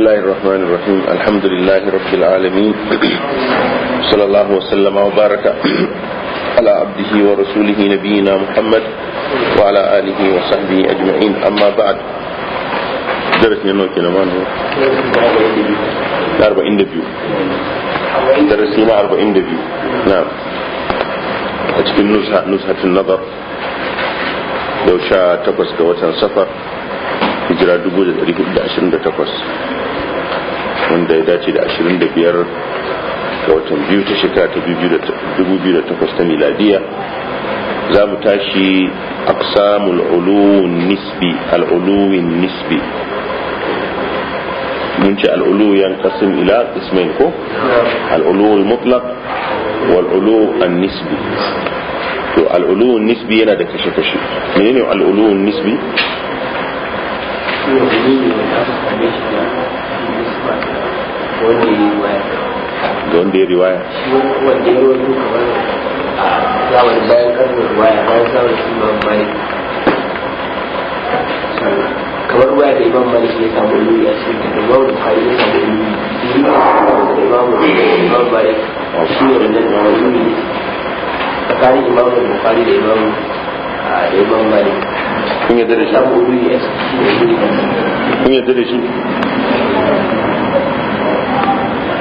الله الرحمن الرحيم الحمد لله رب العالمين صلى الله وسلم وبارك على عبده ورسوله نبينا محمد وعلى آله وصحبه أجمعين أما بعد درس نو كنا ما نو 40 دبيو درس نو 40 دبيو نعم أتكلم نزهة نزهة النظر لو شاء تقص كوتا سفر hijira 1428 wanda ya dace da 25 ga watan biyu ta shekara ta 2008 ta miladiya za mu tashi aksamul uluwin nisbi al'uluwin nisbi mun ce al'ulu yan kasim ila ismail ko al'uluwin mutlaq wal'ulu an nisbi to al'uluwin nisbi yana da kashe-kashe menene al'uluwin nisbi wanda ya riwaya kamar a da imam malik ya samu a cikin da imam bukhari ya samu ilmi da imam imam malik shi ne wani tsakanin imam da imam da imam malik kun yadda da shi kun yadda da shi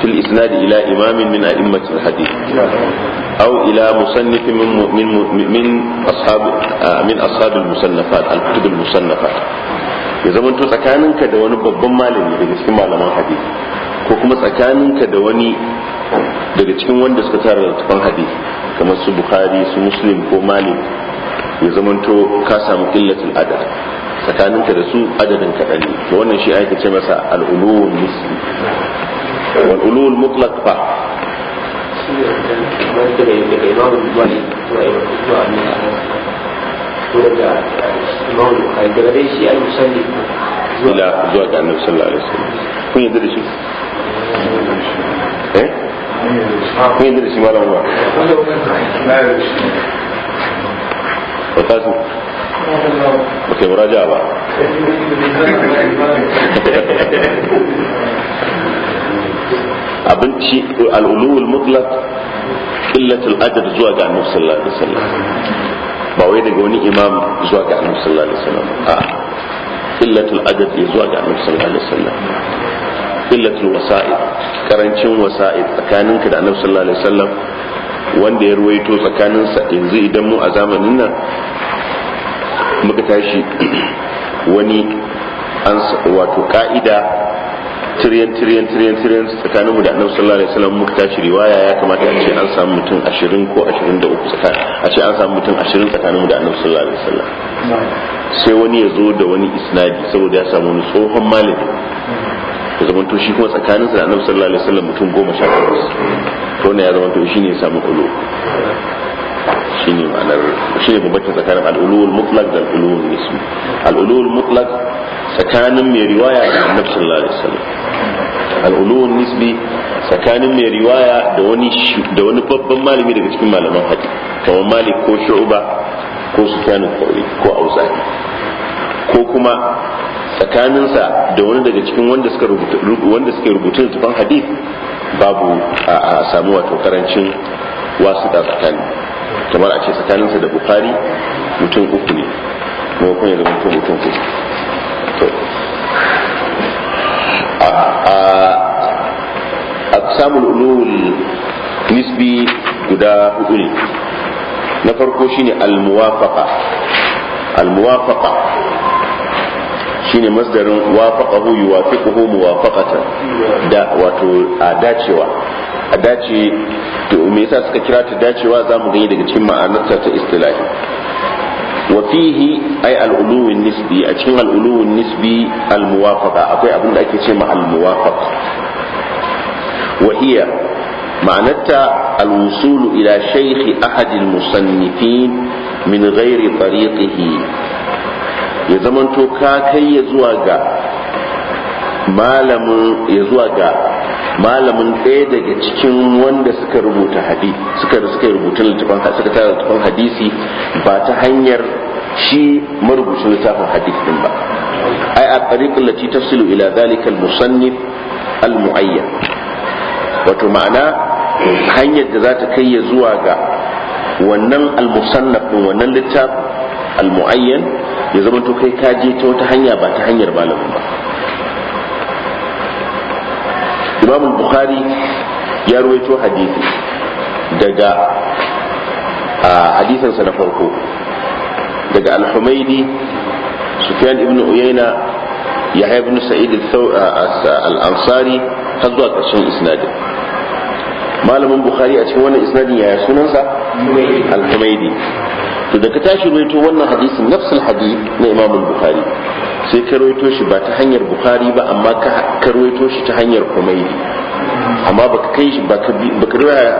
في الإسناد إلى إمام من أئمة الحديث أو إلى مصنف من من من أصحاب من أصحاب المصنفات الكتب المصنفات ya zamanto tsakaninka da wani babban malami daga cikin malaman hadisi ko kuma tsakaninka daga cikin wanda suka tara littafan hadisi kamar su bukhari su muslim ko malik ya zamanto ka samu illatul adad tsakaninka da su adadin kaɗan ne to wannan shi ake ce masa al'uluwun misli والغلو المطلق فقط لا زواج النبي صلى الله عليه وسلم مين يدري شيء ايه مين يدري شيء ما له ما وتاسم اوكي مراجعه بقى abinci al'ulul mutlaq illatul adad zuwa ga annabi sallallahu alaihi wasallam ba wai daga wani imam zuwa ga annabi sallallahu alaihi wasallam a illatul adad zuwa ga annabi sallallahu alaihi wasallam illatul wasa'id karancin wasa'id tsakaninka da annabi sallallahu alaihi wasallam wanda ya ruwaito sa yanzu idan mu a zamanin nan muka tashi wani an wato ka'ida tiriyan tiriyan tiriyan tiriyan tsakanin mu da annabi sallallahu alaihi wasallam muka tashi riwaya ya kamata a ce an samu mutum 20 ko 23 tsakanin a ce an samu mutum 20 tsakanin mu da annabi sallallahu alaihi wasallam sai wani ya zo da wani isnadi saboda ya samu wani tsohon malami ya zama to shi kuma tsakanin sa da annabi sallallahu alaihi wasallam mutum 18 to ne ya zama to shine ya samu kulo shine ma'anar shine bambanci tsakanin al'ulul mutlaq da al'ulul nisbi al'ulul mutlaq tsakanin mai riwaya da annabi sallallahu alaihi wasallam al'ulul nisbi tsakanin mai riwaya da wani da wani babban malami daga cikin malaman hadisi kamar malik ko shu'ba ko sufyan al ko auza'i ko kuma tsakaninsa da wani daga cikin wanda suka rubuta wanda suke rubuta littafin hadith babu a samu wato karancin wasu tsakani kamar a ce tsakaninsa da bukari mutum uku ne maimakon ya zama mutum uku samun ulul nisbi guda hudu ne na farko shine almuwafaqa almuwafaqa shine masdarin wafaqahu yuwafiquhu muwafaqatan da wato a dacewa a dace to me yasa suka kira ta dacewa za mu gani daga cikin ma'anarta ta istilahi wa fihi ay al nisbi a cikin al nisbi al-muwafaqa akwai abin da ake ce al-muwafaq wa hiya ma'anarta al-wusul ila shaykh ahad al-musannifin min ghairi tariqihi ya zamanto ka kai ya zuwa ga malamin ya zuwa ga malamin ɗaya daga cikin wanda suka rubuta hadisi suka rubuta littafin suka hadisi ba ta hanyar shi marubucin littafin hadisi din ba ai a tariqin lati tafsilu ila zalika al-musannif al-muayyan wato ma'ana hanyar da za ta kai ya zuwa ga wannan al-musannaf wannan littafin al-muayyan ya zama to kai ka je ta wata hanya ba ta hanyar malamin ba imam bukhari ya ruwaito hadisi daga hadisansa na farko daga al-humaidi sufyan ibn uyayna yahya ibn sa'id al-ansari har zuwa ƙarshen isnadin malamin bukhari a cikin wannan isnadin yaya sunansa al-humaidi to da ka tashi ruwaito wannan hadisin nafsul hadith na imam bukhari sai ka ruwaito shi ba ta hanyar bukhari ba amma ka ruwaito shi ta hanyar kumairi amma ba ka kai shi ba ka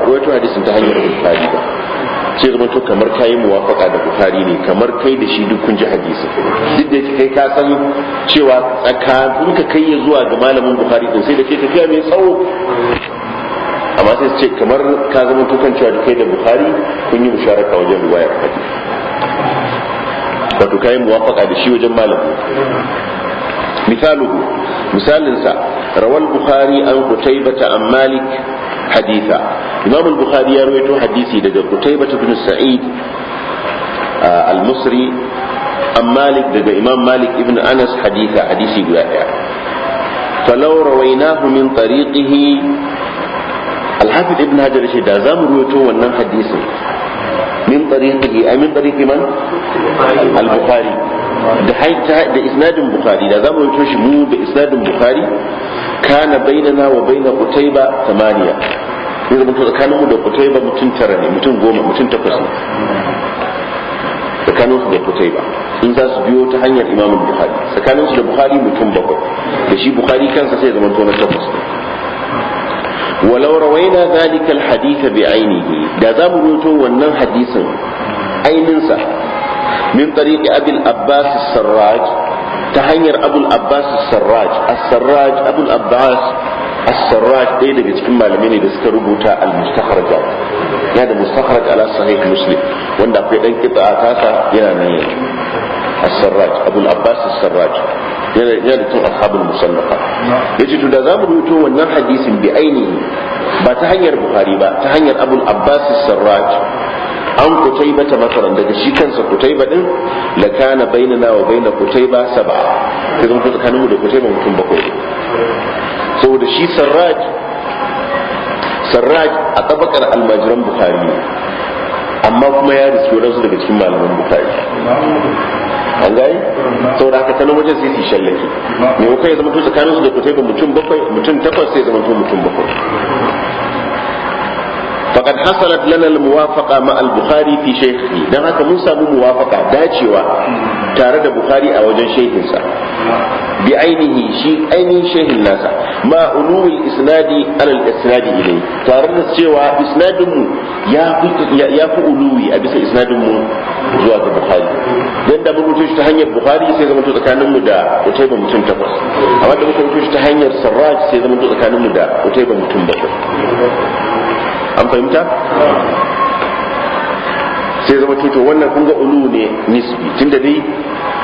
ruwaito hadisin ta hanyar bukhari ba sai zama to kamar ka yi muwafaka da bukhari ne kamar kai da shi duk kun ji hadisi duk da kai ka san cewa tsakanin ka kai zuwa ga malamin bukhari din sai da ke tafiya mai tsawo amma sai su ce kamar ka zama tukan cewa da kai da bukhari kun yi musharaka wajen riwayar hadisi wato kayan muwafaka da shi wajen malam. misaluhu misalinsa rawal bukhari an kutaibata an malik haditha imam al-bukhari ya rawaito hadisi daga kutaibata bin sa'id al-musri an malik daga imam malik ibn anas haditha hadisi guda daya falau rawainahu min tariqihi alhafiz ibn hajar ce da za mu ruwaito wannan hadisin min tariqihi ay min tariqi man da haita da isnadin bukhari da za mu ruwaito shi mu da isnadin bukhari kana bainana wa baina qutayba tamaniya ne zama tsakanin mu da qutayba mutum tara ne mutum goma mutum takwas ne tsakanin su da qutayba in za su biyo ta hanyar imamin bukhari tsakanin su da bukhari mutum bakwai da shi bukhari kansa sai zama to na takwas walau rawaina kan alhadith bai ainihi da za mu rubuto wannan hadisin ainin sa min tariqi abul abbas sarraj ta hanyar abul abbas sarraj as-sarraj abul abbas as-sarraj ɗaya daga cikin malamai ne da suka rubuta al-mustakhrajat ya da mustakhraj ala sahih wanda akwai dan kitsa tasa yana yana yana cikin ashabul musallafa yace to da zamu rubuto wannan hadisin bi ainihi ba ta hanyar bukhari ba ta hanyar abul abbas sarraj an kutaiba ta masaran daga shi kansa kutaiba din la kana bainana wa baina kutaiba sab'a kaga mu tsakanin mu da kutaiba mutum bakwai saboda shi sarraj sarraj a tabakar almajiran bukhari amma kuma ya riski wadansu daga cikin malaman bukhari an gani sau haka wajen sai tishen laki me wuka ya zama to tsakanin su da kutai ba mutum bakwai mutum takwas sai zama to mutum bakwai faqad hasalat lana al ma al-bukhari fi shaykhi dan haka mun samu muwafaqa dacewa tare da bukhari a wajen shaykhinsa bi ainihi shi ainihin shehin nasa ma ulumul isnadi alal isnadi ilai tare da cewa isnadin ya fi ya uluwi a bisa isnadin mu zuwa ga bukhari dan mun shi ta hanyar bukhari sai zama to da utaiba mutum takwas amma da muka ta hanyar sarraj sai zama to da utaiba mutum bakwai an fahimta sai zama ulu ne nisbi tunda dai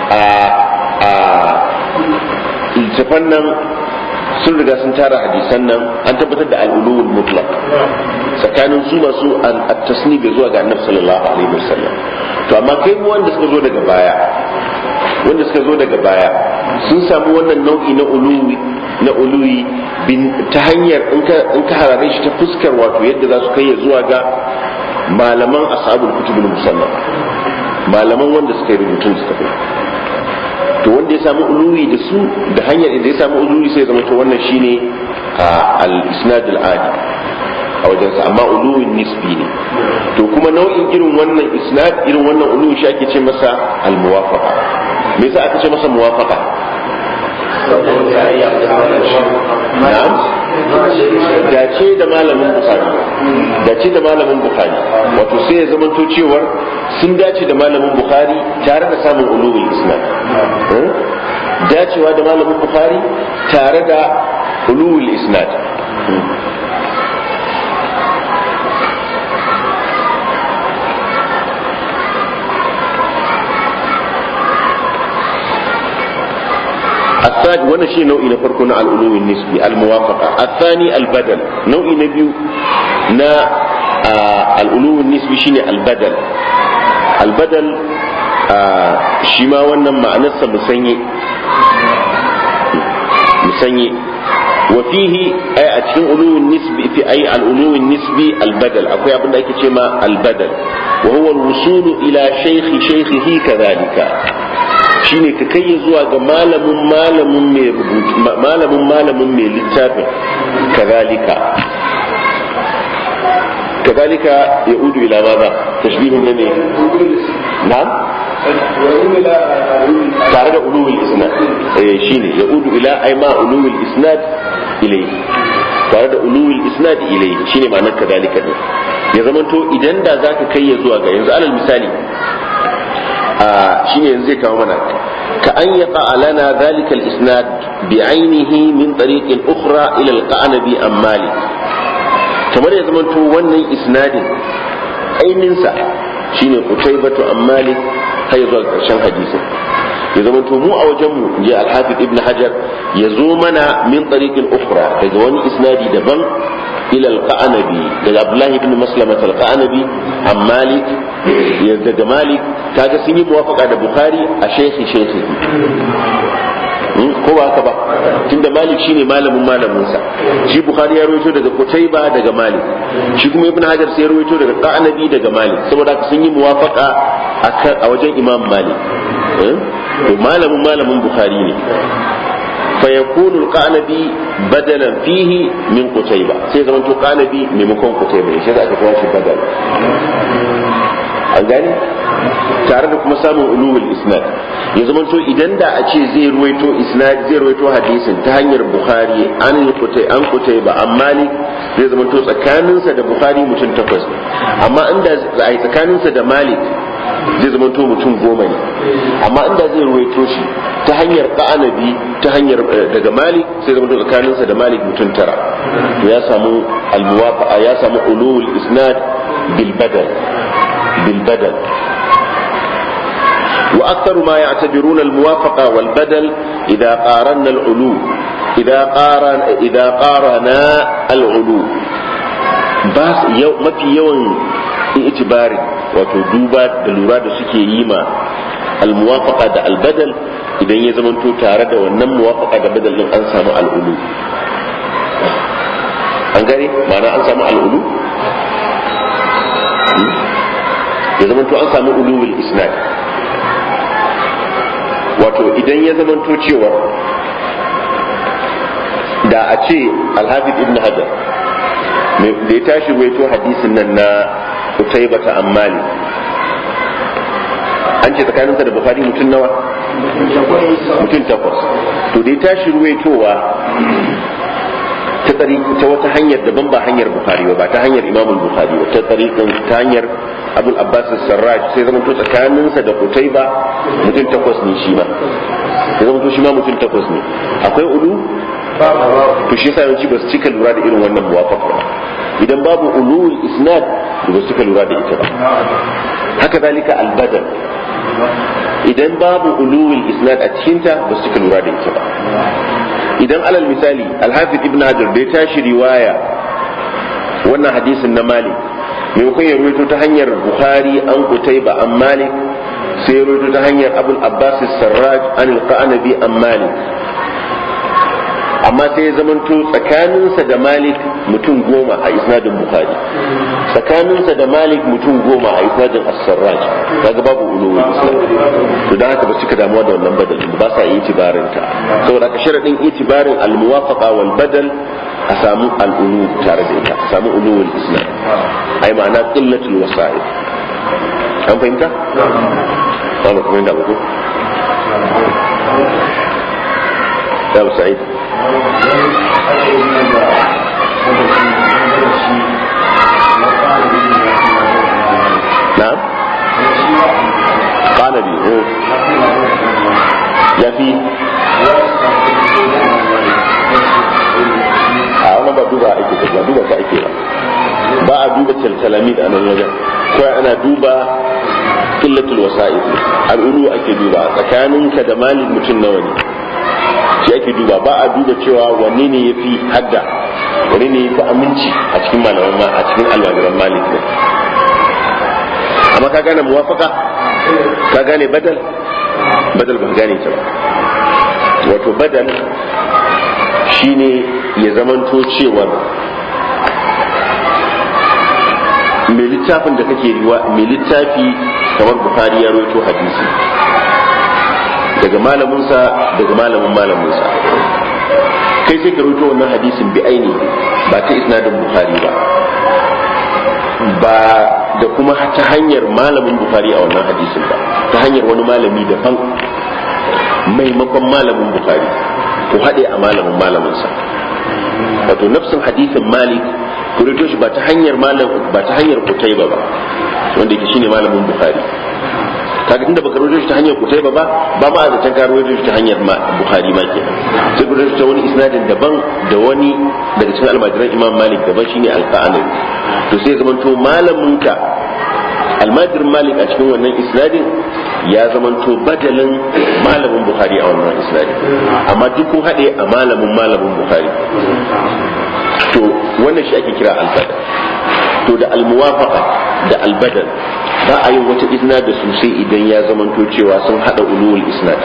a littafan nan sun riga sun tara hadisan nan an tabbatar da al'ulul mutlaq tsakanin su masu at bai zuwa ga annabi sallallahu alaihi wasallam to amma kai mu wanda suka zo daga baya wanda suka zo daga baya sun samu wannan nau'i na uluwi na uluwi ta hanyar in ka harare shi ta fuskar wato yadda za su kai ya zuwa ga malaman ashabul kutubul musannaf malaman wanda suka yi rubutun suka fi to wanda ya samu uluwi da su da hanyar da ya samu uluwi sai zama to wannan shine al-isnad al-adi a wajensa amma uluwin nisbi ne to kuma nau'in irin wannan isnad irin wannan uluwi shi ake ce masa al-muwafaqa me yasa aka ce masa muwafaqa Da dace da malamin bukari ce da malamin bukari wato sai ya zama to cewar sun dace da malamin bukari tare da samun ulumul islam hmm? dacewa da malamin bukari tare da ulumul islam الثاني وانا شيء نوعي نفرقنا على العلوم النسبي الموافقة الثاني البدل نوعي نبيو نا العلوم النسبي شيء البدل البدل shi ma wannan ma'anarsa musanye musanye wa a cikin ululuwin nisbi fi ay al-ululuwin nisbi al akwai abin da ake ce ma al-badal ila shaykhi shaykhihi shine ka kai zuwa ga malamin malamin mai rubutu malamin malamin mai littafin kadalika. Kadalika ya udu ila maza tashbihin ne na'am tare da ulul isnad eh shine ya udu ila ai ma ulul isnad ilayhi tare da ulul isnad ilayhi shine ma'anar kadalika ne ya zamanto idan da zaka kai ya zuwa ga yanzu alal misali shi ne zai kawo mana ka an yaqa lana zalikal isnad bi ainihi min tariqin ukhra ila al-qanabi am kamar ya zamanto wannan isnadin ne ku shine qutaybatu am malik har zuwa ƙarshen hadisin ya zama mu a wajen mu je al ibn hajar ya zo mana min tariqin ukhra daga wani isnadi daban ila al-qanabi daga abdullahi ibn maslama al-qanabi an malik ya daga malik kaga sun yi muwafaqa da bukhari a shaykhi shaykhi ko ba haka ba tunda malik shine malamin malamin sa shi bukhari ya rawaito daga kutaiba daga malik shi kuma ibn hajar sai ya rawaito daga qanabi daga malik saboda haka sun yi muwafaqa a wajen imam malik to malamin malamin bukhari ne fa yakunu al-qanabi badalan fihi min qutayba sai zaman to qanabi maimakon qutayba shi za ka kira shi badal an gane tare da kuma samun ulumul isnad ya zama to idan da a ce zai ruwaito isnad zai ruwaito hadisin ta hanyar bukhari an kutai an kutai ba amma ne zai zama to tsakaninsa da bukhari mutum takwas amma inda a yi tsakaninsa da malik zai zama to mutum goma ne amma inda zai ruwaito shi ta hanyar ƙa'anabi ta hanyar eh, daga malik sai zama to tsakaninsa da malik mutum tara ya samu almuwafa ya samu ulul isnad bil badal بالبدل وأكثر ما يعتبرون الموافقة والبدل إذا قارنا العلو إذا قارن إذا قارنا العلو بس يو ما في يوم اعتبار وتدوبا دلورا da suke yi ma almuwafaqa da albadal idan ya zamanto tare da wannan muwafaqa da badal din an samu al'ulu ma'ana an samu al'ulu ya zama to an samu ulul isnad wato idan ya zama to cewa da a ce alhafiz ibn hajar da ya tashi waito hadisin nan na utaiba ta ammali an ce tsakaninsa da bukari mutum nawa mutum takwas to da ya tashi ruwaitowa ta tsari ta wata hanyar daban ba hanyar bukhari ba ta hanyar imam bukhari ba ta tsarikin ta hanyar abul abbas sarraj sai zama to tsakaninsa da kutai ba mutum takwas ne shi ba. sai zama to shi ma mutum takwas ne akwai ulu to shi sa yawanci ba su cika lura da irin wannan muwafaqa ba idan babu ulul isnad ba su cika lura da ita ba haka zalika albadal idan babu ulul isnad a cikinta ba su cika lura da ita ba idan alal misali alhafiz ibn hajar da ya tashi riwaya wannan hadisin na malik maimakon ya ta hanyar bukhari an kutaiba an malik sai ya ruwaito ta hanyar abul abbas sarraj an alqanabi an malik amma sai ya zamanto tsakaninsa da malik mutum goma a isnadin bukhari tsakaninsa da malik mutum goma a isnadin as-sarraj kaga babu ulumul islam to dan haka ba su ka damuwa da wannan badal ba sa yi itibarin ta saboda ka sharadin itibarin al-muwafaqa wal badal a samu al'ulu tare da ita a samu ulumul islam ai ma'ana qillatul wasa'i an fahimta قالوا كمان da بقول ده سعيد نعم قال بي يا ana duba killatul ake duba tsakaninka da malin mutum nawa ne shi ke duba ba a duba cewa wanne ne ya fi hadda wanne ne ya fi aminci a cikin malaman a cikin almajiran malik ne amma ka gane muwafaka ka gane badal badal ba gane ta ba wato badal shine ya zamanto cewar mai littafin da kake riwa mai littafi kamar buhari ya roto hadisi daga malaminsa daga malamin malaminsa kai sai ka rubuta wannan hadisin bi aini ba ta isnadin bukhari ba ba da kuma ta hanyar malamin bukhari a wannan hadisin ba ta hanyar wani malami da fan maimakon malamin bukhari ku haɗe a malamin malaminsa wato nafsin hadisin malik ku rubuto shi ba ta hanyar malam ba ta hanyar kutaiba ba wanda ke shine malamin bukhari kaga inda baka rawaito shi ta hanyar kutaiba ba ba ma azatan ka rawaito shi ta hanyar bukhari ma ke sai ku rawaito wani isnadin daban da wani daga cikin almajiran imam malik daban shine alqa'anawi to sai zamanto malamin ka almajirin malik a cikin wannan isnadin ya zamanto badalin malamin bukhari a wannan isnadin amma duk kun haɗe a malamin malamin bukhari to wannan shi ake kira albada to da almuwafaqa da albadal ba a yin wata isna da su sai idan ya zamanto cewa sun hada ulul isnad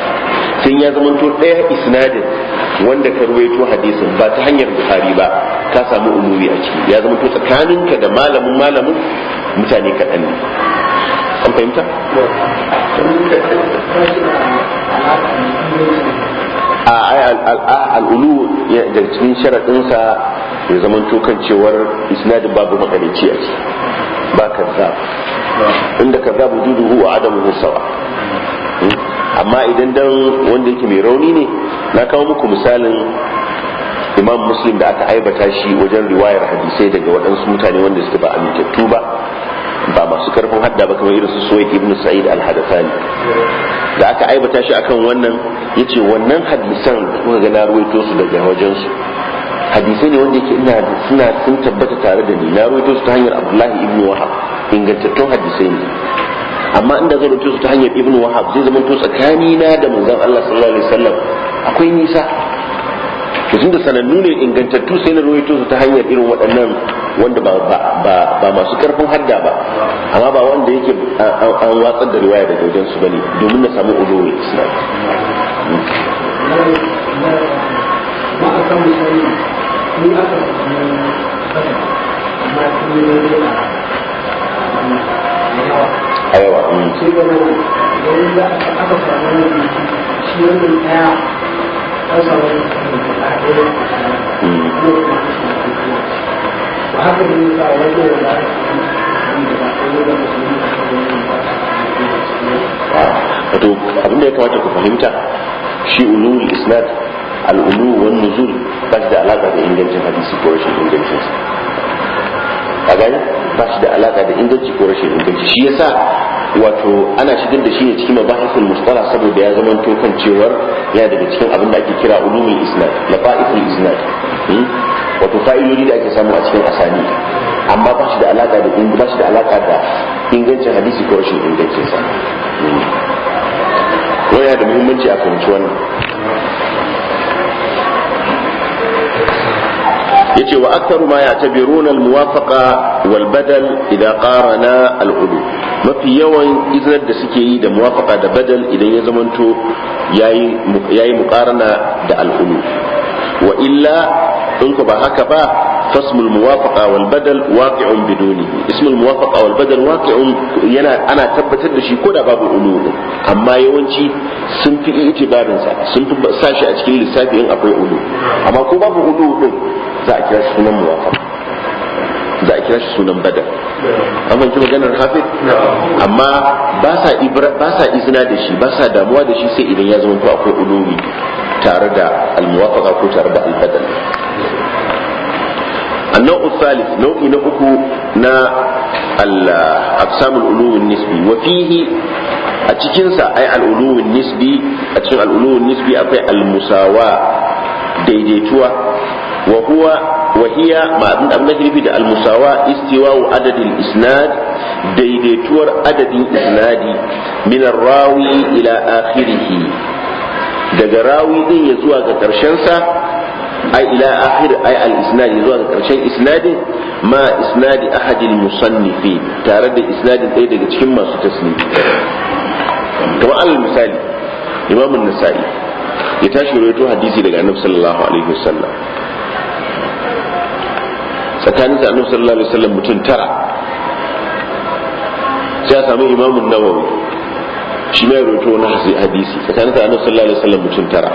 sai ya zamanto daya isnadin wanda ka ruwaito hadisin ba ta hanyar bukhari ba ka samu ululi a ciki ya zamanto tsakaninka da malamin malamin mutane kaɗan ne an fahimta? a al'ulu da cikin sharaɗinsa ya zama tokan cewar isnadin babu makalici a ce ba zaɓa inda zaɓa dudu huwa adamu sawa hmm? amma idan dan wanda yake mai rauni ne na kawo muku misalin imam muslim da aka aibata shi wajen riwayar hadisai daga waɗansu mutane wanda suka ba amintattu ba ba masu karfin hadda ba kamar irin su suwaid ibn sa'id al-hadathani da aka aibata shi akan wannan yace wannan hadisan kuka ga na ruwaito su daga wajen su hadisai ne wanda yake ina suna sun tabbata tare da ni na rawaito su ta hanyar abdullahi ibnu wahab ingantattun hadisai ne amma inda zan rawaito su ta hanyar ibnu wahab zai zama to tsakani na da manzon Allah sallallahu alaihi wasallam akwai nisa to tunda sanannu ne ingantattu sai na rawaito su ta hanyar irin waɗannan wanda ba ba ba masu karfin hadda ba amma ba wanda yake an watsar da riwaya daga wajen su bane domin na samu ulul islam ma'a ni aka a yawa wato abin da ya kamata ku fahimta shi ulul isnad al-ulu wan nuzul ba shi da alaka da ingancin hadisi ko rashin ingancin sa a gani ba shi da alaka da inganci ko rashin inganci shi yasa wato ana shigar da shi ne cikin mabahisul mustala saboda ya zama tokan kan cewar yana daga cikin abin da ake kira ulumul isnad mabahisul isnad hmm? wato fa'iloli da ake samu a cikin asali amma ba shi da alaka da ba da alaka da ingancin hadisi ko rashin ingancin sa wannan hmm. da muhimmanci a fahimci wannan yace wa aktaru ma ya'tabiruna al-muwafaqa wal badal idan qarana al mafi yawan izrar da suke yi da muwafaqa da badal idan ya zamanto yayi yayi muqarana da al-ulu wa illa in ba haka ba فاسم الموافقة والبدل واقع بدونه اسم الموافقة والبدل واقع ana tabbatar da shi ko da babu ulu amma yawanci sun fi itibarin sa sun fi sashi a cikin lissafi in akwai ulu ko babu za a kira shi sunan muwafaq za a kira shi sunan badar an manci maganar hafiz amma ba sa ba sa izina da shi ba sa damuwa da shi sai idan ya zama ko akwai ulumi tare da almuwafaqa ko tare da albadal النوع الثالث نوع نبكو نا الأقسام الألو النسبي وفيه أتكنسا أي الألو النسبي أتكن الألو النسبي أقوى المساواة ديديتوا Wahuwa wahiya wa hiya ma'adin abin najrifi da almusawa istiwa'u adadin isnad daidaituwar adadin isnadi min rawi ila akhirih daga rawi din ya zuwa ga karshen sa ai ila akhir ai al isnad zuwa ga karshen isnadin ma isnadi ahadil musannifi tare da isnadin ɗaya daga cikin masu tasnifi kamar alal misali imamun ya tashi rawaito hadisi daga sallallahu alaihi tsakanin sa annabi sallallahu alaihi wasallam mutum tara sai a samu imamun nawawi shi mai roto wani hadisi tsakanin sa annabi sallallahu alaihi wasallam mutum tara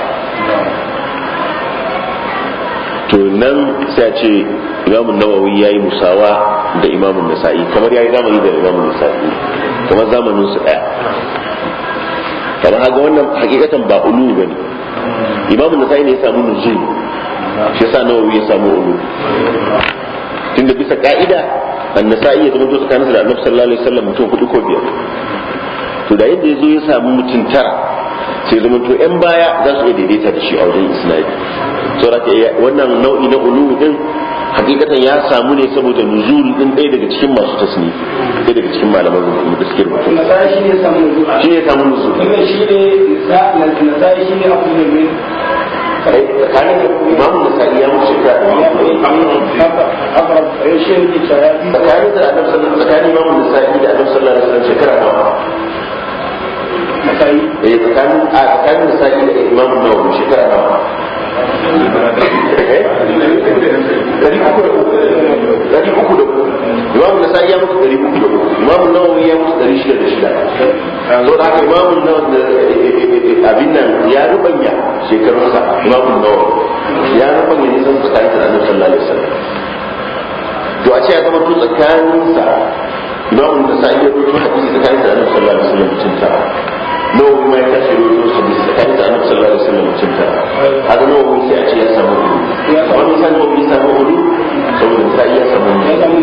to nan sai ce imamun nawawi ya yi musawa da imamun nasa'i kamar ya yi zamani da imamun nasa'i kamar zamanin su ɗaya kamar haka wannan hakikatan ba ulu ba ne imamun nasa'i ne ya samu nuzul shi sa nawawi ya samu ulu tunda bisa ka'ida annasa'i ya zama to tsakanin da annabi sallallahu alaihi wasallam mutum hudu ko biyar to da yadda yazo ya samu mutum tara sai zama to yan baya za su iya daidaita da shi a wajen isnadi to da eh, wannan nau'i na ulu din hakikatan ya samu ne saboda nuzul din ɗaya daga cikin masu tasnif ɗaya daga cikin malaman suke ba shi ne samu nuzul shi ne samu nuzul shi ne nasai shi ne abu eh, ne min imamu nasai ya tsakanin da annabi sallallahu eh, tsakanin nawawi shekara nawa dari uku da uku da imamu na ya mutu dari uku da uku imamu nawawi ya mutu dari shida da shida zo da haka imamu abin nan ya rubanya shekarunsa imamu nawawi ya rubanya nisan tsakanin da annabi sallallahu alaihi wasallam to a ce ya zama to tsakaninsa imamu da sa'i ya rubuta hadisi tsakanin da annabi sallallahu alaihi wasallam mutunta nawawi ma ya tashi rubuta hadisi tsakanin da sallallahu alaihi wasallam cinta kaga nawa mun sai a ce ya samu hudu wani san nawa ya samu hudu saboda ta iya samu hudu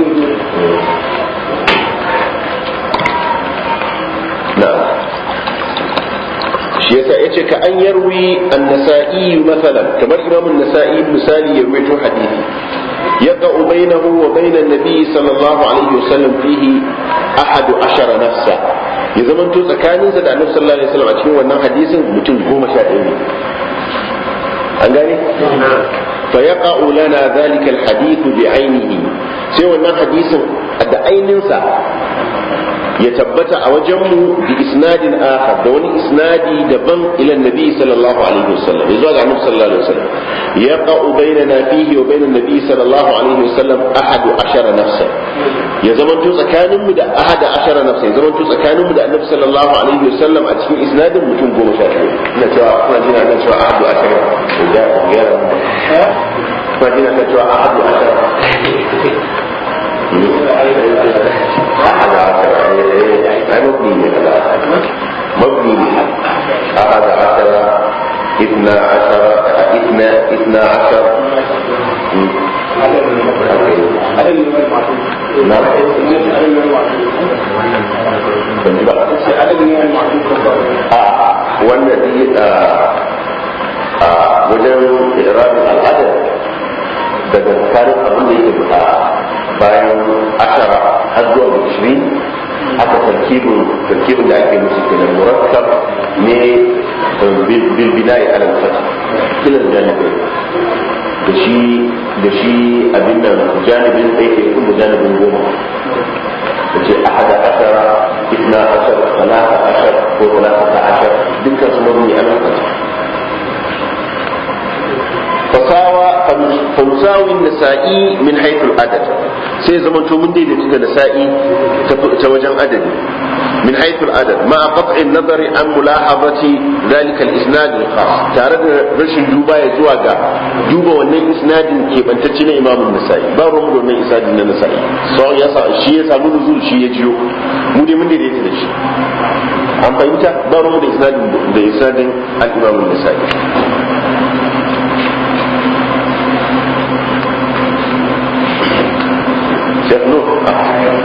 na shi yasa yace ka an yarwi an-nasa'i mathalan kamar imam an-nasa'i misali ya rawaito hadisi يقع بينه وبين النبي صلى الله عليه وسلم فيه أحد عشر نفسا ya zama to tsakanin sa da annabi sallallahu alaihi a cikin wannan hadisin mutum goma sha ɗaya ne an gane fa yaqa'u lana dhalika alhadith bi ainihi sai wannan hadisin da ainin ya tabbata a wajenmu bi isnadin akhar da wani isnadi daban ila nabi sallallahu alaihi wasallam zuwa ga annabi sallallahu alaihi wasallam yaqa'u bainana fihi wa bainan nabi sallallahu alaihi wasallam ahadu ashara nafsa ya zamanto tsakanin mu da ahada ashara nafsa ya zamanto tsakanin mu da annabi sallallahu alaihi wasallam a cikin isnadin mutum goma sha biyu na cewa kuna jina ina cewa ahadu ashara da ya kuna jina ina cewa ahadu ashara مبني على مبني أحد wajen irabin al'adar daga kari abin da yake bayan ashara har zuwa ishirin aka tarkibin tarkibin da ake musu ke nan murakkab ne bil bina'i ala al-fath kila janibi da shi da shi abin da janibin ɗaya ke kuma janibin goma da ce ahada ashara ithna ashar talata ashar ko talata ashar dukkan su mabni ala al-fath fasawa فمساوي النسائي من حيث العدد سي زمان تو من ديدي نسائي عدد من حيث العدد مع قطع النظر عن ملاحظة ذلك الإسناد الخاص رشن دوبا دوبا wannan isnadin ke bantacce na nasa'i ba ruwan domin isnadin na nasa'i so ya sa shi ya samu nuzul shi ya jiyo mu dai mun daidaita da shi an fahimta ba ruwan da da isnadin al-imamun nasa'i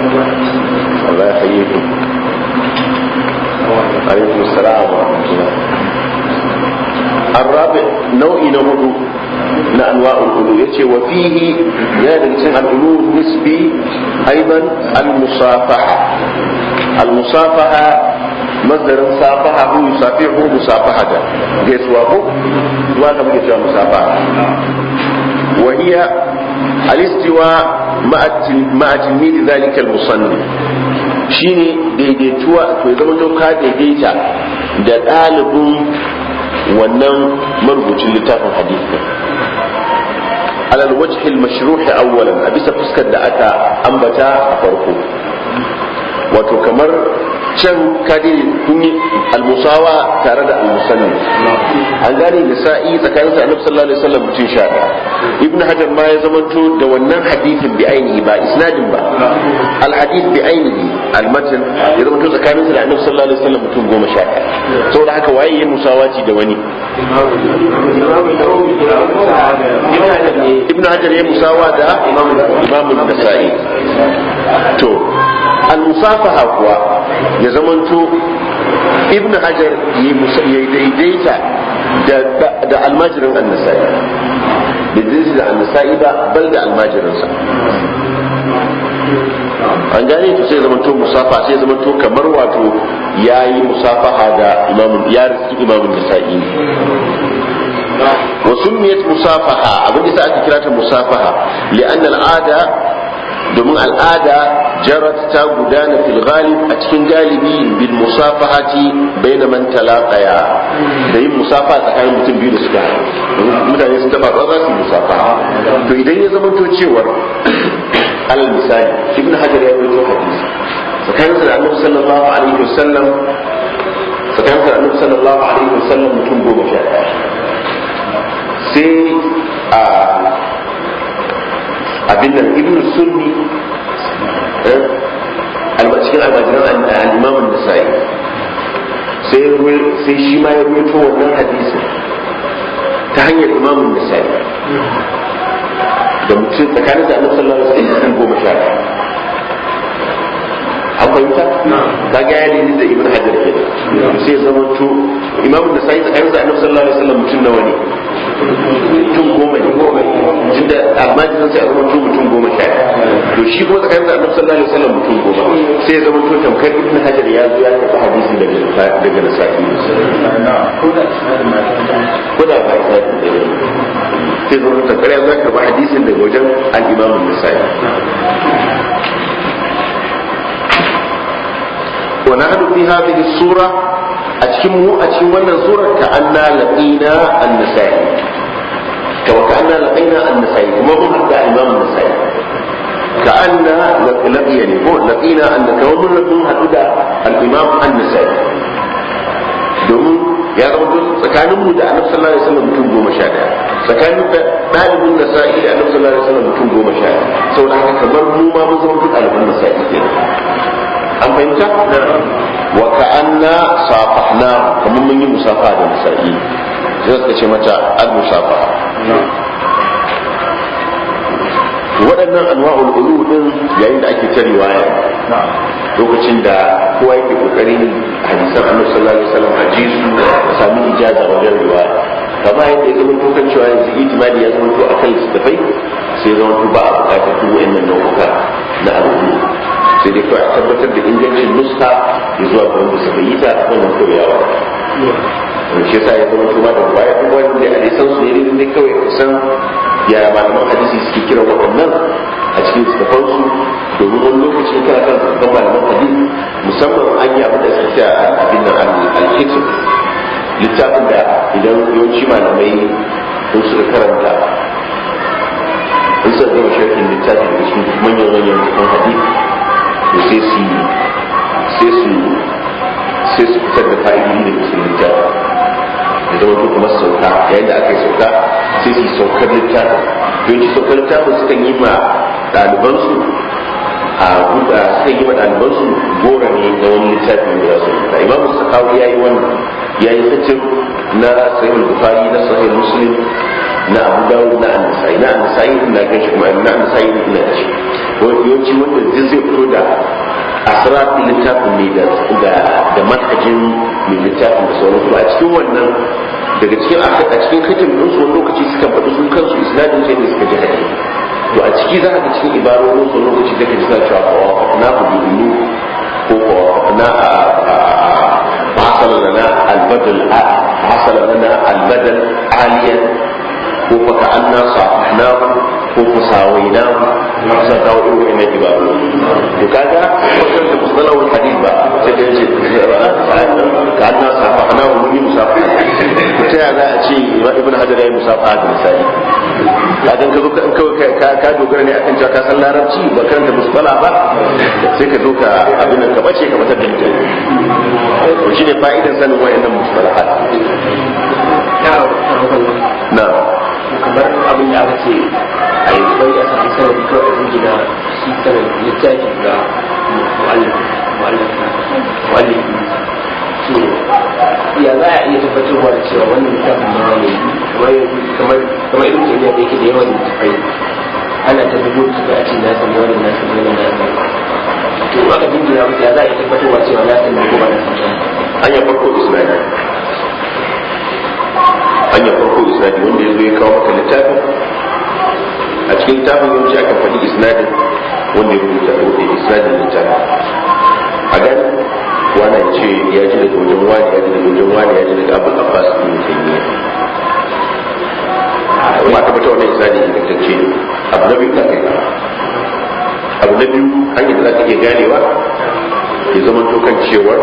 Allah ya haye ku alaikum salam الرابع نوع na anwa'ul ulum yace wa fihi ya daga cikin al'ulum nisbi aidan al-musafaha al-musafaha masdarin safaha hu yusafihu musafahata gaisuwa ko wa hiya ma'a tilmidi zalika al-musannif shine daidaituwa to ya zama doka daidaita da ɗalibin wannan marubucin littafin hadisi alal wajhi al-mashruhi awwalan a bisa fuskar da aka ambata a farko wato kamar can kadi kun yi almusawa tare da almusalli an gane nisa'i sa'i tsakanin sa annabi sallallahu alaihi wasallam mutum sha ibn hajar ma ya zamanto da wannan hadithin bi ainihi ba isnadin ba al hadith bi ainihi al matan ya zamanto tsakanin sa da annabi sallallahu alaihi wasallam mutum goma sha saboda haka waye ya musawaci da wani ibn hajar ya musawa da imamul nasa'i to al musafaha kuwa ya zamanto ibn hajar ya daidaita da almajirin annasai da jinsi da annasai ba bal da almajirinsa an gane to sai zamanto musafa sai zamanto kamar wato ya yi musafaha da imamun ya riski imamun nisa'i وسميت مصافحة أبو إذا أكرت musafaha لأن العادة domin al'ada jarat ta gudana fil ghalib a cikin galibi bil musafahati baina man talaqaya da yin musafa tsakanin mutum biyu da suka mutane sun taba za su musafa to idan ya zama to cewar alal misali ibn hajar ya yi hadisi tsakanin sa da annabi sallallahu alaihi wasallam tsakanin sa da annabi sallallahu alaihi wasallam mutum goma sha sai a ah, abin nan ibn sunni eh, cikin almajiran al'imamun nasa'i sai sai shi ma ya rubuto wannan hadisin ta hanyar imamun nasa'i da mutum tsakanin da annabi sallallahu alaihi wasallam goma sha Akwai fahimta ka ga ya lili da ibn hajar ke sai zama to imamu da sai tsakanin sa annabi sallallahu alaihi wasallam mutum nawa ne mutum goma ne mutum da almajirin sai a zama to mutum goma sha to shi kuma tsakanin sa annabi sallallahu alaihi wasallam mutum goma sai zama to tamkar ibn hajar ya zo ya tafi hadisi daga daga nasa'i ko da ba ta sai zama tamkar ya zo ya karɓi hadisin daga wajen al-imamu nasa'i Wana nahnu fi hadhihi sura a cikin a cikin wannan surar ka anna laqina an-nasai ka wa ka anna laqina an-nasai kuma mun da imam an-nasai ka anna laqiya ne ko laqina an ka wa mun hadu da al-imam an-nasai domin ya zama don da annabi sallallahu alaihi mutum goma sha daya da mutum goma sha kamar mu ma mun zama duk an fahimta wa ka'anna safahna kamar mun yi musafa da misali sai ka ce mata al musafa waɗannan anwa'ul ulu din yayin da ake tare waya. lokacin da kowa yake kokarin hadisan annabi sallallahu alaihi wasallam hadisu sami ijaza wajen riwaya kama yadda ya zama kan cewa yanzu itimadi ya zama ko akan littattafai sai zama ba a bukatar duk wa'annan nau'uka na al'ulu sai dai kawai a tabbatar da ingancin nuska ya zuwa ga wanda suka yi ta wannan koyawa to shi sa ya zama kuma da baya kuma da a san su ne ne kawai kusan ya malaman hadisi suke kira waɗannan a cikin littafansu domin wani lokacin kana kan babban malaman hadisi musamman an yi abin da suke a abin nan al-hikm littafin da idan yawanci malamai sun da karanta in sa gama shafin littafin da su manyan manyan littafin hadisi to sai su sai su sai su fitar da fa'idoji da cikin littafin da zama to kuma sauka yayin da aka yi sauka sai su saukar littafin yawanci saukar littafin sukan yi ma ɗalibansu a buɗa sukan yi ma ɗalibansu gora ne na wani littafi da za su rubuta imamu sakawu ya yi wannan ya yi fitir na sahihul bukhari na sahihul muslim na abu dawud na an-nasa'i na an-nasa'i ina ganin kuma na an-nasa'i ina da yawanci wanda duk zai fito da asirat littafin ne da manhajin mai littafin da sauran kuma a cikin wannan daga cikin a cikin hitin din su lokaci suka faɗi su kansu isnadin sai ne suka ji hadisi to a ciki za ka cikin ibarorin su lokaci da ka ji na ku bi ilu ko na a hasala lana albadal aliyan ko fa ka anna na ko ku sawaina na sa kawo irin wannan ibadu to kaga wannan da wal hadith ba sai da yace ka anna na mun yi musa ko ta ya za a ce ibn hajar ya musafaha da misali kaga ka zo ka ka ka dogara ne akan cewa ka san larabci ba karanta musalla ba sai ka zo ka abin da ka bace ka fitar da mutane to shine fa'idan sanin wayannan musalahat kawai a jingina shi kan littafi ga to ya za a iya tabbatarwa da cewa wannan littafin na wani kamar irin da yake da yawan littafai ana ta dubu da a ce na sami wani na sami wani na sami to aka jingina masa ya za a iya tabbatarwa cewa na ko na sami hanyar farko isra'ila hanyar farko isra'ila wanda ya zo ya kawo maka littafin a cikin littafin yawanci aka faɗi isnadin wanda ya rubuta rubuta isnadin littafin a gan wani ce ya ji da wajen wani ya ji da wajen wani ya ji da abin abbas ɗin da taimiyya kuma aka bata wannan isnadin ingantacce ce abu na biyu ka kai abu na biyu hanyar da za ka iya ganewa ya zama tokan cewar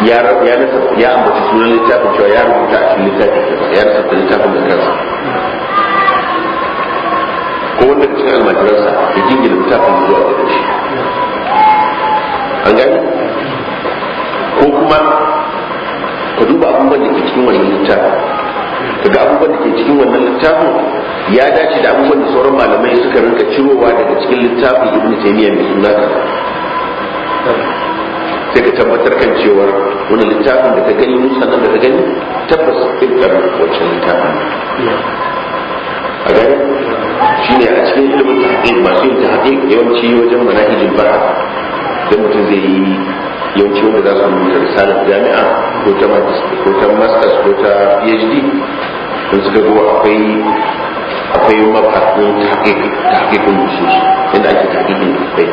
ya ambaci sunan littafin cewa ya rubuta a cikin littafin ya rasa littafin da kansa ko wanda cikin majalisa da jingina littafin zuwa da shi an gani ko kuma ka duba abubuwan da ke cikin wani littafin kaga abubuwan da ke cikin wannan littafin ya dace da abubuwan da sauran malamai suka rinka cirowa daga cikin littafin ibn taymiyyah mai suna sai ka tabbatar kan cewa wani littafin da ka gani musannan da ka gani tabbas ɗin ɗan wancan littafin a gani shine a cikin ilimin tahqiq masu yin tahqiq yawanci wajen manhajin ba da mutum zai yi yawanci wanda za su rubuta risalar jami'a ko ta ko ta masters ko ta phd sun suka zo akwai akwai mafaɗin tahqiqin nusus inda ake tahqiqin kai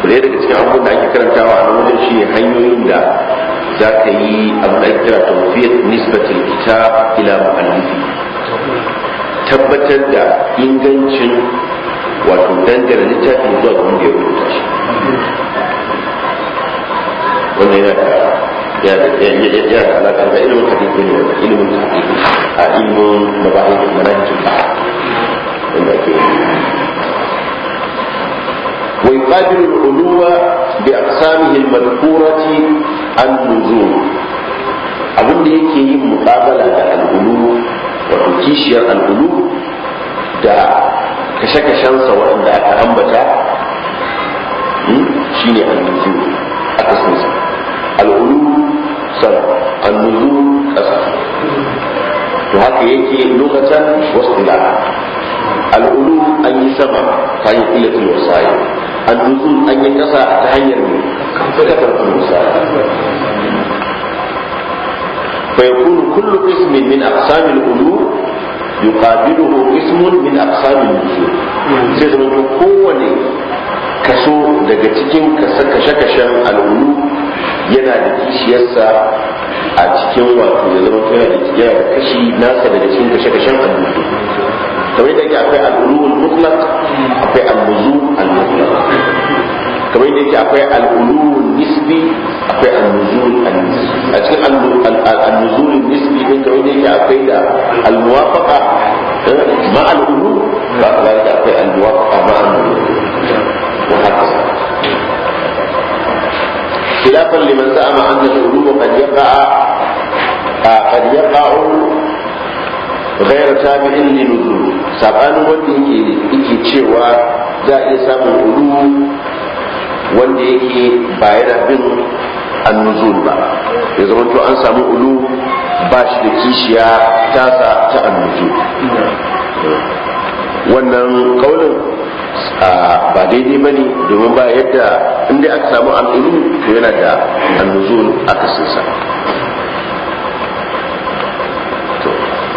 kuma daga cikin abubuwan da ake karantawa a wajen shi ne hanyoyin da za ka yi abu da ake kira tawfiq nisbatul kitab ila mu'allifi tabbatar da ingancin wato dangane littafi zuwa ga wanda ya rubuta shi wanda yana da yana da alaƙa da ilimin hadisi ne da ilimin hadisi a ilimin mabahin manhajin ba wanda ke ويقابل العلو بأقسامه المذكورة النزول abin da yake yin muƙabala da al'ulu wato kishiyar al'ulu da kashe-kashensa waɗanda aka ambata hmm, shi ne annuzu a kasansa al'ulu sana al'ulu ƙasa to haka yake lokacin wasu al'ulu an yi sama ta yi ilatul wasayi al'ulu an yi kasa ta hanyar ne sakatar musayi fa yakunu kullu qismin min aqsamil ulu yuqabiluhu ismun min aqsamin nujum sai da mutum kowane kaso daga cikin kashe-kashen al'ulu yana da kishiyarsa a cikin wato ya zama yana da yana da kashi nasa daga cikin kashe-kashen al'ulu kamar yadda yake akwai al'ulu al akwai al-muzum al-mutlaq kamar yadda yake akwai al'ulu nisbi akwai al-nuzul a cikin al-nuzul nisbi din da wani yake akwai da al-muwafaqa ma al ulu ba da akwai al-muwafaqa ma al-ulul wa haka خلافا لمن زعم ان العلوم قد يقع قد يقع غير تابع للنزول سبحان wanda yake yake cewa za a iya samun ulu wanda yake ba yana bin annuzul ba ya zama to an samu ulu ba shi da kishiya sa ta annuzul wannan kaulin ba daidai ba ne domin ba yadda inda aka samu al'ulu to yana da annuzul aka sinsa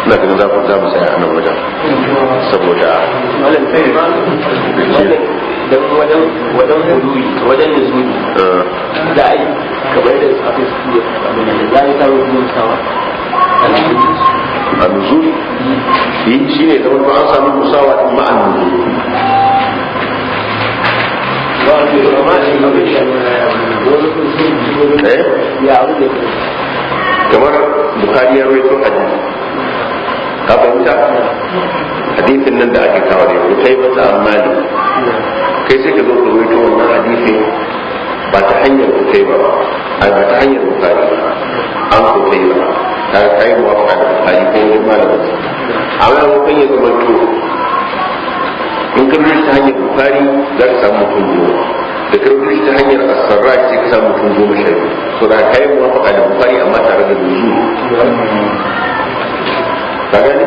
na ganin za mu a nan wajen saboda don wajen wajen huduri wajen nuzuli za a yi kamar da aka su yi za da yi karo kuma sawa a nuzuli shi ne da wani an samu musawa ma a nuzuli kamar bukari ya rawaito hadisi ka fahimta hadisin nan da ake kawo ne ku kai mata amali kai sai ka zo ka rubuta wannan hadisi ba ta hanyar ku kai ba ba ta hanyar bukari an ku kai ba ta kai wa ka da bukari ko wani malamin amma an kan ya zama to in ka rubuta ta hanyar bukari za ka samu mutum goma da ka rubuta ta hanyar asarra ce ka samu mutum goma sha biyu to da kai wa ka da bukari amma tare da duzu ka gane?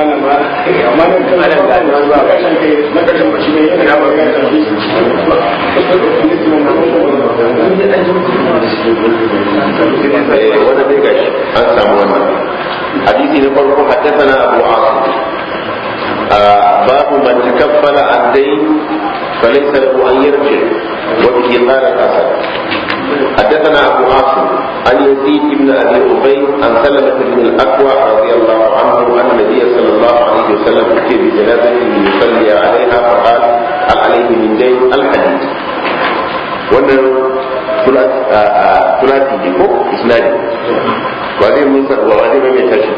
malama amma nan da zuwa na kashin bashi ne yana ba ga shi eh, wanda dai gashi an samu wannan hadisi na farko haddathana abu asim ah, babu man takaffala ad-dayn an yarji wa حدثنا أبو عاصم عن يزيد بن أبي أبي عن سلمة بن الأكوى رضي الله عنه أن النبي صلى الله عليه وسلم أتي بجنازة يصلي عليها فقال هل عليه من دين الحديث wannan tulati ne ko isnadi ba zai mun sarwa ba zai mai tashi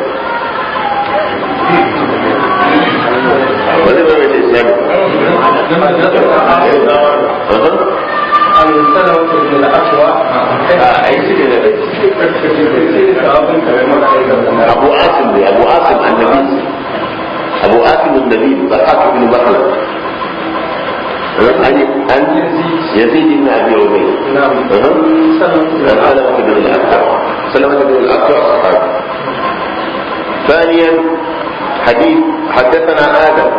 ba zai mai tashi ne أبو عاصم أبو عاصم النبي أبو عاصم النبي ضحاك بن مخلد عن عن يزيد بن أبي عمير نعم سلمة بن الأكتع سلمة بن الأكتع صحابي ثانيا حديث حدثنا آدم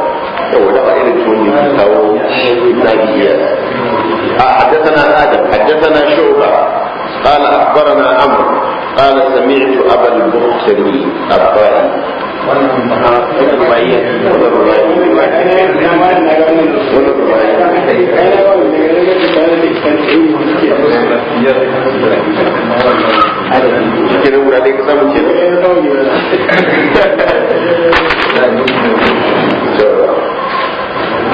هو ده إلى الجن نعم. أو ابن أبي إياس آه، حدثنا آدم حدثنا شعبة قال أخبرنا عمرو قال سمعت أبا البخاري الرايي ولكن Kira-kira ada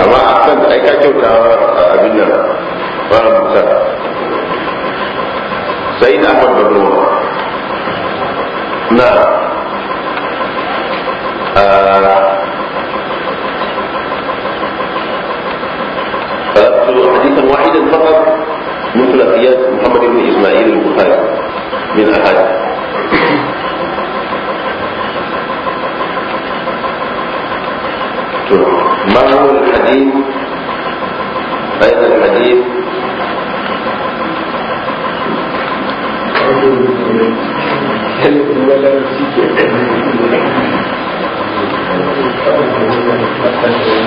amma a kan ai ka kyauta eh, abin nan ba musa sai da ahmad babro na طلبت حديثا واحدا فقط من ثلاثيات محمد بن اسماعيل البخاري من احاديث to ما هو الحديث هذا الحديث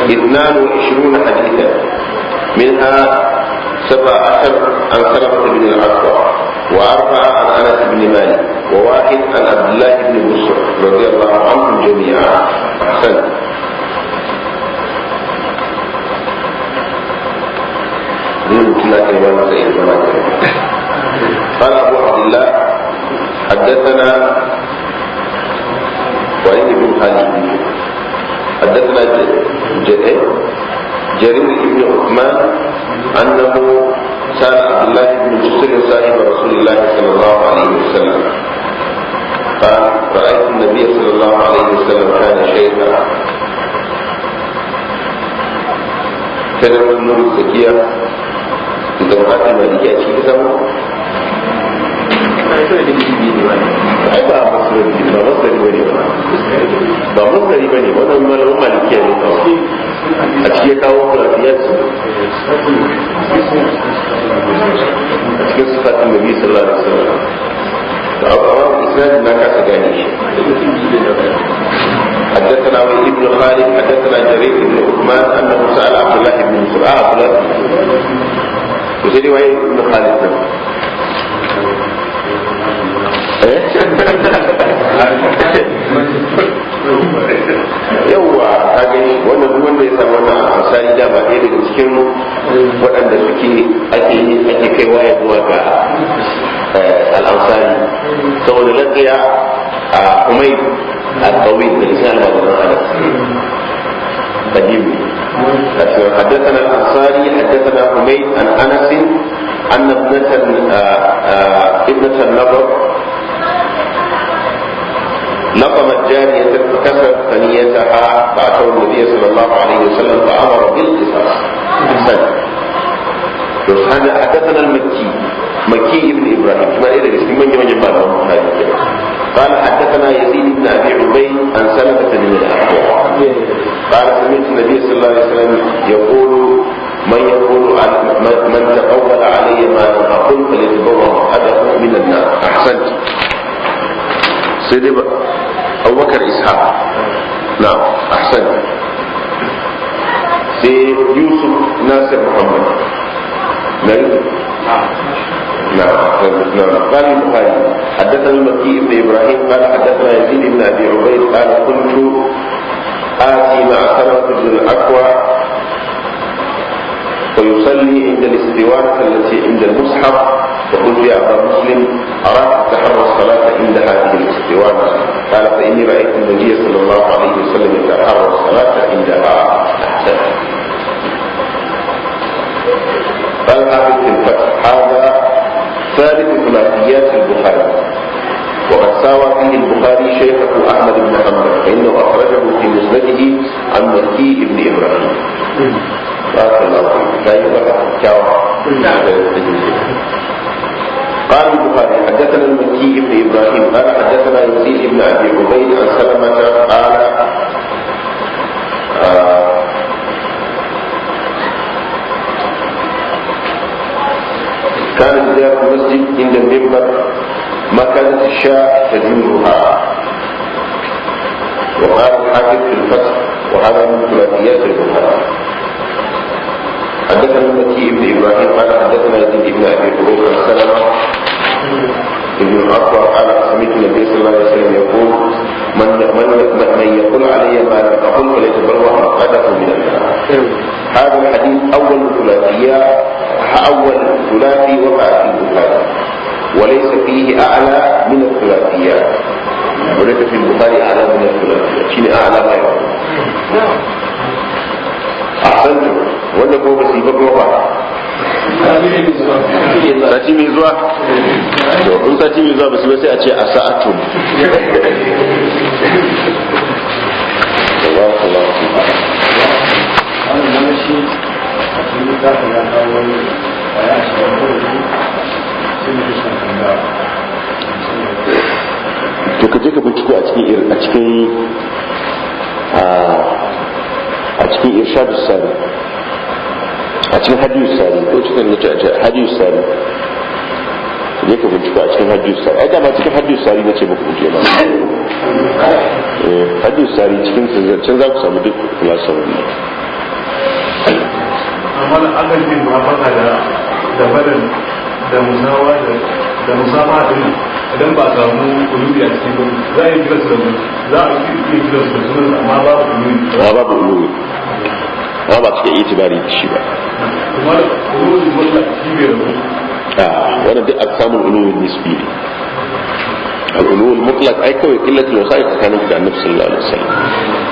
اثنان وعشرون حديثا منها سبع عشر عن سلمة بن العصر وأربعة عن أنس بن مالك وواحد عن عبد الله بن بشر رضي الله عنهم جميعا أحسنت الله قال أبو عبد الله حدثنا وعيد بن خالد حدثنا إيه؟ جرير بن عثمان أنه سأل عبد الله بن جسر صاحب رسول الله صلى الله عليه وسلم قال رأيت النبي صلى الله عليه وسلم كان شيخا كلمة النور الزكية da wani al'amari a cikin zama ba masarari ba ba ne ba ba masarari ba ne wannan malamin a cikin kawo kurafiyarsu a cikin sufatun nabi sallallahu alaihi wasallam to abu amma isnadin na kasa gane shi حدثنا وليد بن خالد حدثنا جرير بن عثمان انه سال عبد الله بن مسعود ku sai dai waye da Khalid nan eh? yawwa ka gani dama da daga cikin waɗanda suke ake ake kaiwa ya zuwa ga eh, al'ansari saboda laqiya a Humayr al da Isa al-Madani حدثنا الأنصاري حدثنا حميد عن أنس أن ابنة آه، آه، ابنة النضر لطمت جارية فكسرت ثنيتها بعد النبي صلى الله عليه وسلم فأمر بالقصاص حدثنا المكي مكي بن إبراهيم كما إذا من يمجن قال حدثنا يزيد بن ابي عبيد عن سلمة بن الاكوع قال سمعت النبي صلى الله عليه وسلم يقول من يقول من تقول علي ما لم اقل فليتبوأ مقعده من النار احسنت سيدي ابو بكر اسحاق نعم احسنت سيد يوسف ناصر محمد نعم نعم نعم قال البخاري حدثنا المكي بن ابراهيم قال حدثنا يزيد بن ابي عبيد قال كنت اتي مع سلمه بن الاكوى ويصلي عند الاستواء التي عند المصحف فقلت يا ابا مسلم اراك تحرى الصلاه عند هذه الاستواء قال فاني رايت النبي صلى الله عليه وسلم يتحرى الصلاه عندها احسن قال حافظ الفتح هذا ثالث ثلاثيات البخاري وقد ساوى فيه البخاري شيخه احمد بن محمد فانه اخرجه في مسنده عن مكي بن ابراهيم بارك الله فيك لا يبقى قال البخاري حدثنا المكي بن ابراهيم قال حدثنا يزيد بن ابي عبيد عن سلمه قال آه كان جدار المسجد عند المنبر ما مكانت الشاة تجولها وقال الحاكم في الفتح وهذا من ثلاثيات البخاري حدثنا المكي بن ابراهيم قال حدثنا يزيد بن ابي بروك عن ابن الاقوى قال سمعت النبي صلى الله عليه وسلم يقول من من من يقول علي ما لم اقل فليتبرأ مقعده من النار هذا الحديث أول ثلاثية أول ثلاثي وقع في البخاري وليس فيه أعلى من الثلاثيات وليس في البخاري أعلى من الثلاثيات شنو أعلى ما يكون أحسنتم ولا هو بس يبقى sati mai zuwa to in sati mai zuwa ba su sai a ce a sa'atun cikin wani za ka ya kawo a shawar kawai sun yi to ka je ka a cikin a cikin a cikin irshadu a cikin hadiyu sani ko cikin hadiyu je ka bincike a cikin hajjus sari ai dama cikin hajjus sari na ce muku guje ma eh, hajjus sari cikin zancen za ku samu duk kulasar wannan amma da aka ba baka da da badan da musawa da da musafa din idan ba samu kulubi a cikin ba za a yi kira su da za a yi kira su da sunan amma babu kulubi ba babu kulubi amma ba cikin itibari da shi ba kuma da kulubi mutlak shi bai rabu a wannan duk aksamun ulubin nisbi ne العلو المطلق اي كوي قله الوثائق كانت عند النبي صلى الله عليه وسلم